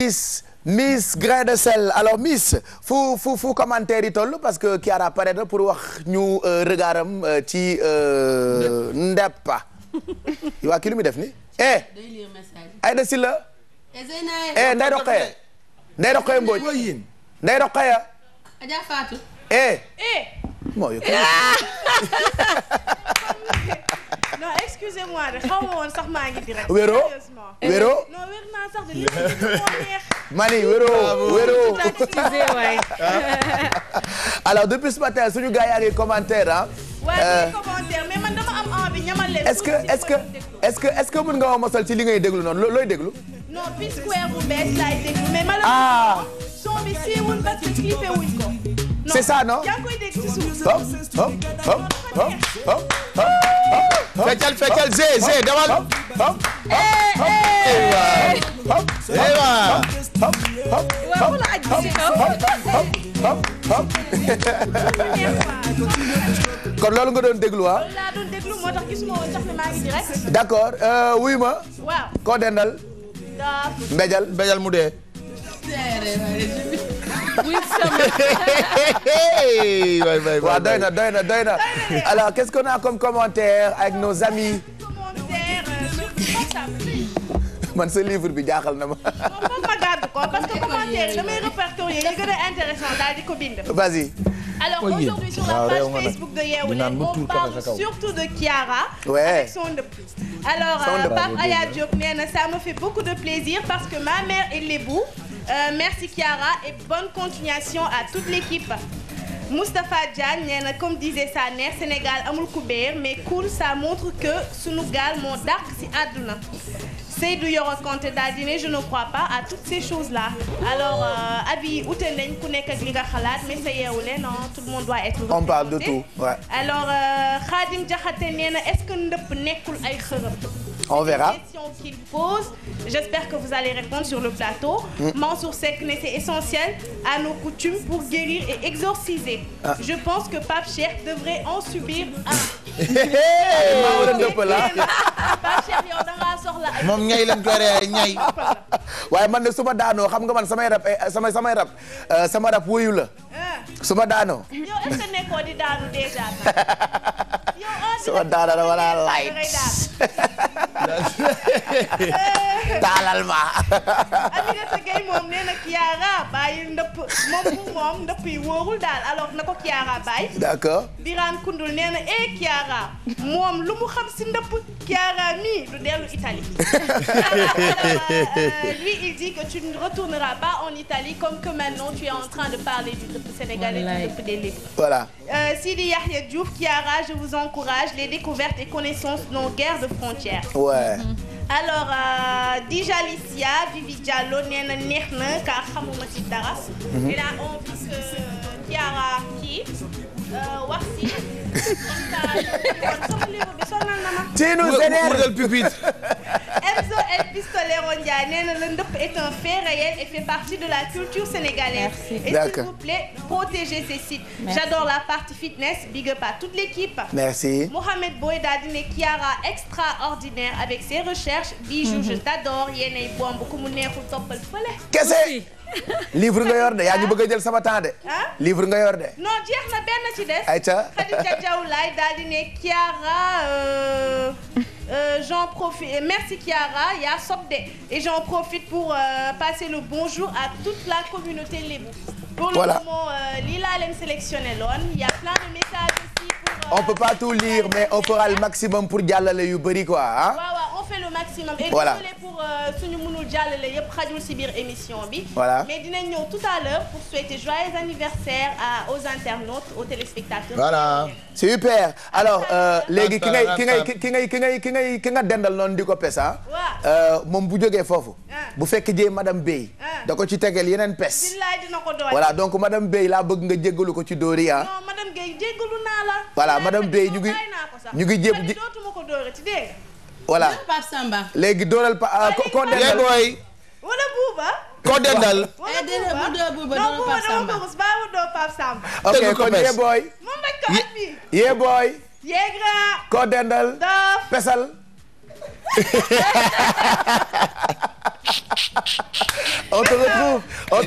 Miss Miss Grain de Miss fu fu commentaire yi toll parce que Kiara pare na pour wax ñu euh, regard euh, ci euh, Ndeppa waa kii lu def ni eh Aïda Sylla eh, eh Ndeye Rokhaya Ndeye Rokhaya Mbodj Ndeye Rokhaya eh eh moo yo non excusez naa sax de li mani wéro wéro alors depuis ce matin suñu gars yaa ngi commentaire ah. Euh, waaw commentaire mais man ce que est-ce que est-ce que est que mën nga ma mosal ci li nga déglu noonu non P-Square bu bees laay déglu mais ah! non yaa ngi koy dégg ci suuf. hop hop hop hop hop feccal feccal zé zé demal. aywa. kon loolu nga doon déglu ah. laa doon déglu moo tax gisuma woon euh, wuy ma. waaw koo dendal. mbéjal mu dee. waaw waaw doy na doy na doy na alors qu'est-ce qu'on a comme commentaire avec nos amis. man sa livre bi jaaxal na ma. moom ma gàddu ko parce que commentaire damay répertorier yi gën a intéressant daal di ko bind. vas-y. alors aujourd'hui sur la ah, page Facebook de Yeewu Leen on parle surtout de Kiara. Ouais. avec son dëpp. alors euh, Pape Aya Diop nee na ça me fait beaucoup de plaisir parce que ma mère est lébou. Euh, merci Chiara et bonne continuation à toute l'équipe. Moustapha Diagne nee na comme disait sa mère Sénégal amul couvert mais cool ça montre que sunu gaal moo dàq ci àdduna Seydou Yoro Konté daal di ne je ne crois pas à toutes ces choses là alors euh, abi yi ute nañ ku nekk ak li nga xalaat mais sa yeewu ne non tout le monde doit être. on alors euh, Khadim Diakhaté nee est-ce que ndëpp nekkul ay xërëb. On verra. questions qu'il pose. J'espère que vous allez répondre sur le plateau. Mm. Mansour essentiel à nos coutumes pour guérir et exorciser. Ah. Je pense que Pape Cheikh devrait en subir un. Pape Cheikh yow da ngaa soxla. man de su ma daanoo xam nga man samay rab eh, samay samay rab eh, sama rab la. Ah. su ma daanoo. yow wala oh, light. taalal ma. Aminata Gueye moom nee na Kiara bàyyi ndëpp moom pour moom ndëpp eh, lu mu xam si ndëpp Kiara mii du dellu Italie. Euh, lui il dit que tu ne retourneras pas en Italie comme que maintenant tu en train de parler du ndëpp sénégalais du ndëpp euh, Sidi Yahya Diouf Kiara je vous encourage les découvertes et connaissances n'ont guère de frontières. ouais. alors euh, Dija Alicia Vivi Diallo nee na neex na kaa xamuma ci dara. Mhm. et là on dit que Kiara kii euh, wax si. comme ça li woon sama livre bi sonal na ma. tiinu séeréer toujours El Pistolero Ndiaye nee na le ndëpp est un fait réel et fait partie de la culture sénégalaise. Merci. et s'il vous plaît protégez ces sites. j'adore la partie fitness big up à toute Boy daal Kiara extraordinaire avec ses recherches. bijou je mhm. t'adore yéenay bomb ku mu neexul toppal fële. kese livre ah. a jël sama temps ah. nga na benn ci des. ayca Khadija Diawlaay Kiara. Euh, Euh, j'en profite. Merci Chiara, il y a profite pour euh, passer le bonjour à toute la communauté Lébou. Pour le moment, euh, Lila Alem sélectionnelon. Il y a plein de messages aussi pour. Euh, on peut pas tout lire, mais on fera le maximum pour jàllale yu bëri quoi. maximum. voilà et désolé pour euh, suñu mënul jàllale yëpp xajul ci biir émission bi. voilà mais dinañ ñëw tout à l'heure pour souhaiter joyeux anniversaire à aux internautes aux téléspectateurs. voilà c'est super alors euh, léegi ki ngay ki ngay ki ngay ki ngay ki ngay ki nga dendal noonu di ko pes ah. waaw euh, moom bu jógee foofu. Ah. bu fekk jee madame Bey. Ah. da ko ci tegel yeneen pes. billaay dina ko doon voilà donc madame Bey laa bëgg nga jéggalu ko ci dóor yi ah. non madame Guèye jéggalu naa la. voilà madame Bey ñu ngi ñu ngi jéem. dootuma ko dóorati dégg voilà Pape Samba. Euh, eh, doo Pape ok ko at bi. yee pesal. on te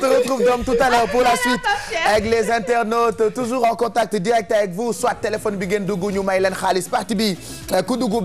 retrouve on tout à l'heure pour la suite avec les internautes toujours en contact direct avec vous soit téléphone bi ngeen dugg ñu may leen xaalis parti bi euh, ku dugg